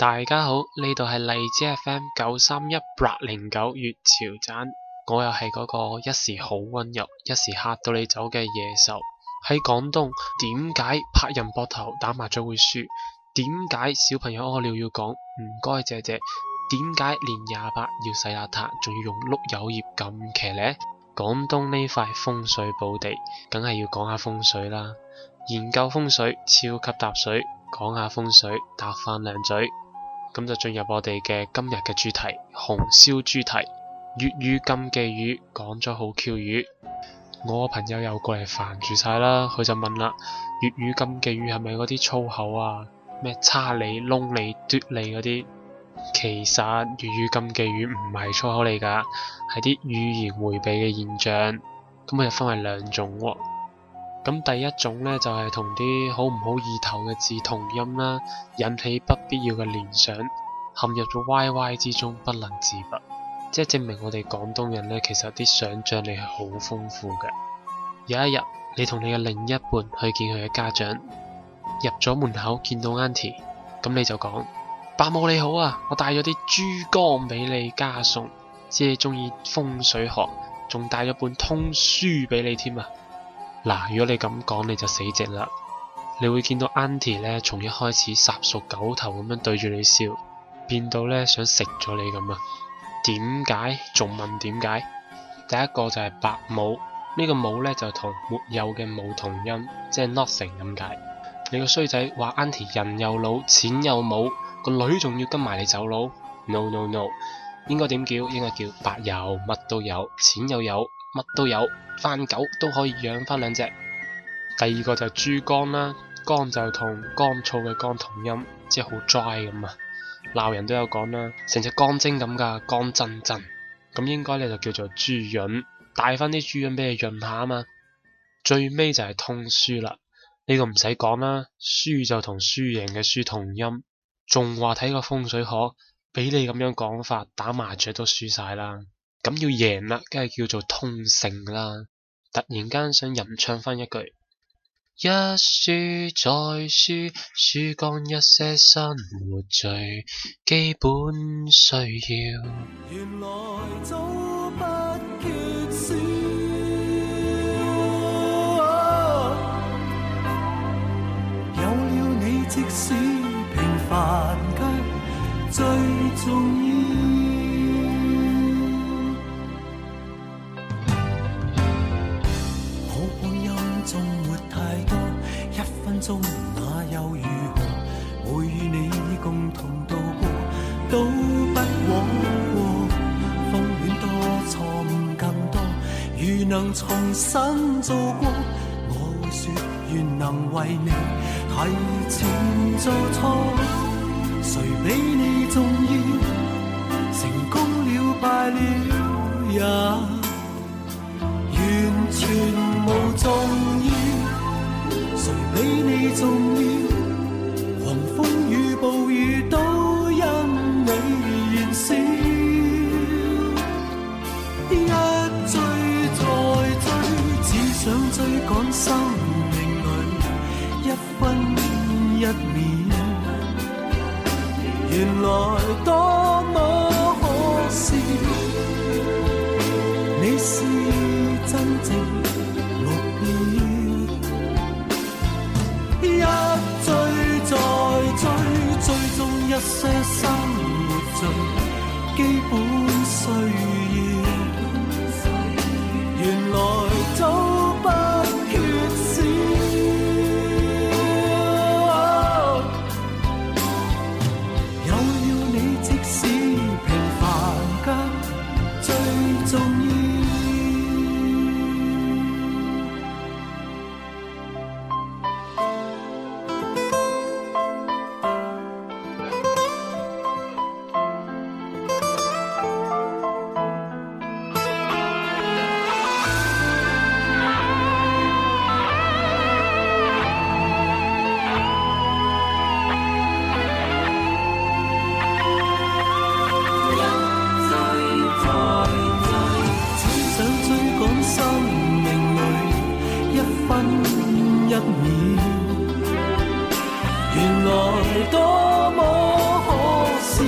大家好，呢度係荔枝 FM 九三一八零九粵潮站，我又係嗰個一時好温柔，一時吓到你走嘅野獸。喺廣東，點解拍人膊頭打麻雀會輸？點解小朋友屙尿要講唔該借借？點解年廿八要洗邋、啊、遢，仲要用碌柚葉咁騎呢？廣東呢塊風水寶地，梗係要講下風水啦。研究風水超級搭水，講下風水搭翻兩嘴。咁就進入我哋嘅今日嘅主題——紅燒豬蹄。粵語禁忌語講咗好 Q 淤，我朋友又過嚟煩住晒啦。佢就問啦：粵語禁忌語係咪嗰啲粗口啊？咩叉你、窿你、嘟你嗰啲？其實粵語禁忌語唔係粗口嚟噶，係啲語言回避嘅現象。咁我又分為兩種喎。咁第一種呢，就係同啲好唔好意頭嘅字同音啦，引起不必要嘅聯想，陷入咗歪歪之中不能自拔。即係證明我哋廣東人呢，其實啲想象力係好豐富嘅。有一日，你同你嘅另一半去見佢嘅家長，入咗門口見到 Auntie，咁你就講。白伯母，你好啊，我帶咗啲珠江俾你加送，即係中意風水學，仲帶咗本通書俾你添啊。嗱，如果你咁講，你就死直啦，你會見到 Aunty 咧從一開始殺熟狗頭咁樣對住你笑，變到咧想食咗你咁啊。點解？仲問點解？第一個就係白伯母，呢個母咧就同沒有嘅冇同音，即係 nothing 咁解。你個衰仔話 Aunty 人又老，錢又冇。個女仲要跟埋你走佬？No no no，應該點叫？應該叫白油，乜都有，錢又有，乜都有，番狗都可以養翻兩隻。第二個就豬肝啦，肝就同乾燥嘅乾同音，即係好 dry 咁啊！鬧人都有講啦，成隻乾蒸咁噶，乾陣陣。咁應該咧就叫做豬潤，帶翻啲豬潤俾你潤下啊嘛。最尾就係通書啦，呢個唔使講啦，書就同輸贏嘅輸同音。仲話睇個風水學，俾你咁樣講法，打麻雀都輸晒啦。咁要贏啦，梗係叫做通勝啦。突然間想吟唱翻一句：一輸再輸，輸光一些生活最基本需要。原來早不缺少、哦、有了你，即使。難卻最重要。好光陰縱沒太多，一分鐘那又如何？會與你共同度過都不枉過。風戀多，錯誤更多，如能重新做過，我會說願能為你。為情做錯，誰比你重要？成功了，敗了也完全無重要。誰比你重要？多麼可笑，你是真正目標。一追再追，追蹤一些生活最基本需要。原來，一秒，原來多麼可笑。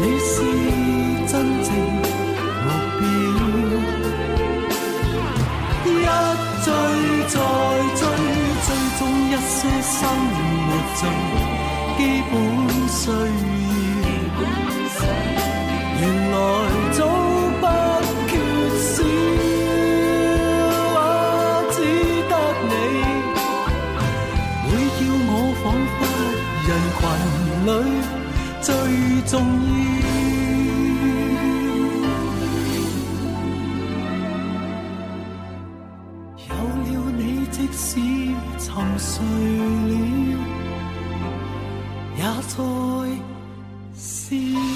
你是真正目標，一追再追，追蹤一些生活最基本需。最重要，有了你，即使沉睡了，也在笑。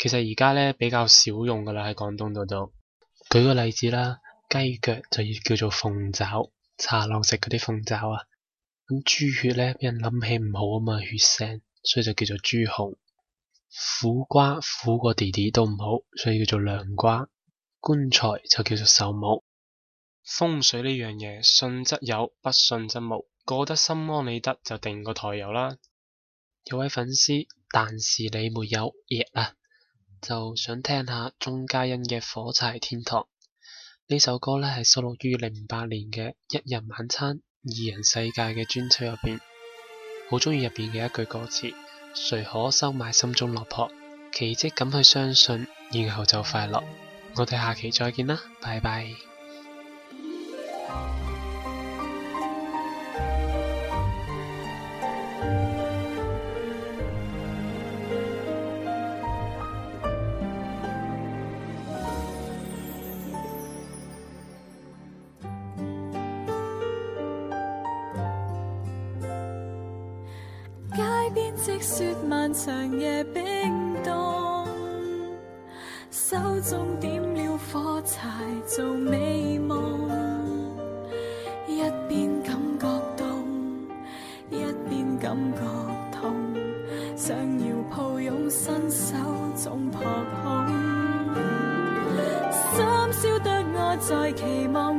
其實而家咧，比較少用噶啦，喺廣東度度。舉個例子啦，雞腳就要叫做鳳爪，茶樓食嗰啲鳳爪啊。咁豬血咧，俾人諗起唔好啊嘛，血腥，所以就叫做豬紅。苦瓜苦過弟弟都唔好，所以叫做涼瓜。棺材就叫做壽母。風水呢樣嘢，信則有，不信則無。覺得心安理得，就定個台油啦。有位粉絲，但是你沒有藥啊。就想聽下鍾嘉欣嘅《火柴天堂》呢首歌呢，係收錄於零八年嘅《一人晚餐，二人世界》嘅專輯入邊。好中意入邊嘅一句歌詞：誰可收買心中落魄？奇迹咁去相信，然後就快樂。我哋下期再見啦，拜拜。街邊積雪漫長夜冰凍，手中點了火柴做美夢，一邊感覺凍，一邊感覺痛，想要抱擁伸手總撲空，深宵的我在期望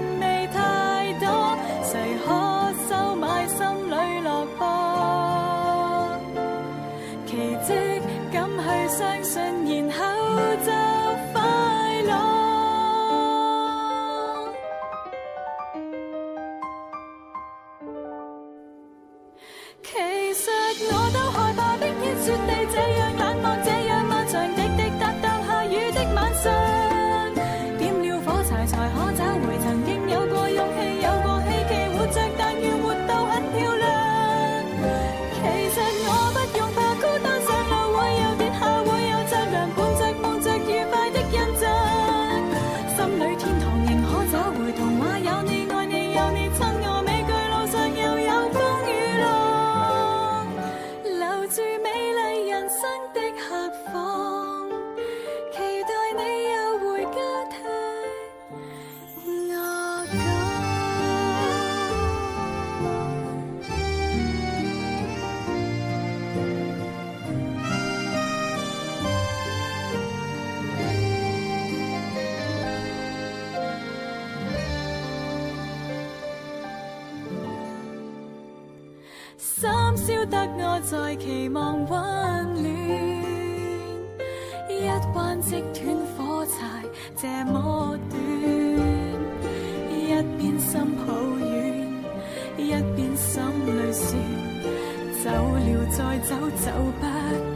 得我在期望溫暖，一彎即斷火柴這麼短，一邊心抱怨，一邊心裏算，走了再走走不。